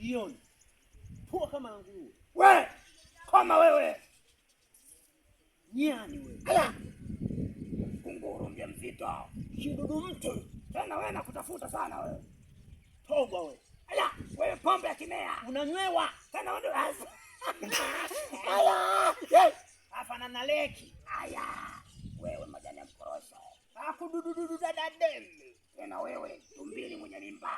jioni. Pua kama nguruwe. We, koma wewe. Nyani wewe. Ala. Kunguru mje mzito. kidudu mtu. Tena wewe nakutafuta sana wewe. Toba wewe. Ala, wewe pombe ya kimea. Unanywewa. Tena wewe Ala. na naleki. Aya. Wewe majani ya mkorosho. Hakudududu dada Tena wewe tumbili mwenye mimba.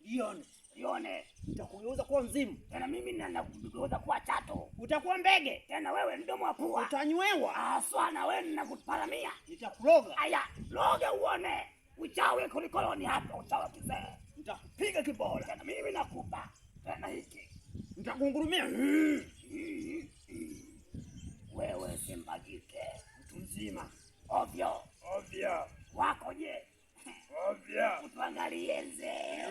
Jioni usione. utakugeuza kuwa mzimu tena, mimi ninakugeuza kuwa chato, utakuwa mbege tena, wewe mdomo wa pua utanywewa haswa, na wewe ninakuparamia, nitakuloga. Aya, loge uone, uchawi kulikoloni hapa, uchawi kizee, nitakupiga kibola tena, mimi nakupa tena hiki, nitakungurumia wewe, simbagike, mtu mzima ovyo ovyo, wako je? Ovyo, utuangalie nzee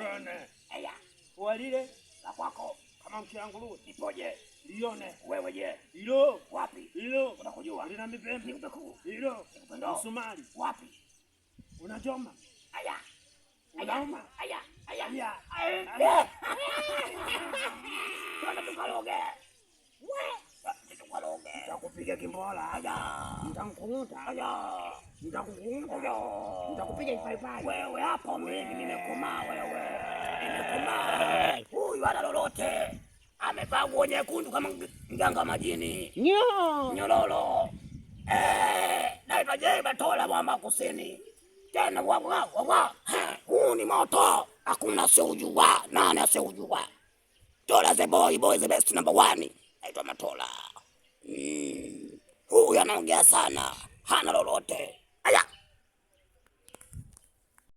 walile la kwako kama mkia nguruwe ipoje lione wewe je ilo wapi ilo unakujua lina mipembe nikupekuu ilo msumari wapi unajoma aya unauma aya aya aya aya aya tukaloge nitakupiga kimbola aya nitakukuta aya nitakukuta nitakupiga ifaipai wewe hapo mimi nimekomaa wewe Nikomai, huyu ana lolote, amevaa nguo nyekundu kama mganga majini nyo nyororo. Eh, naitwa Jay Batola mwamba kusini tena wawa wawa, huu ni moto, hakuna siujua nani asiujua. Tola the boy, boy the best number one, naitwa Matola. Mm, huyu anaongea sana, hana lolote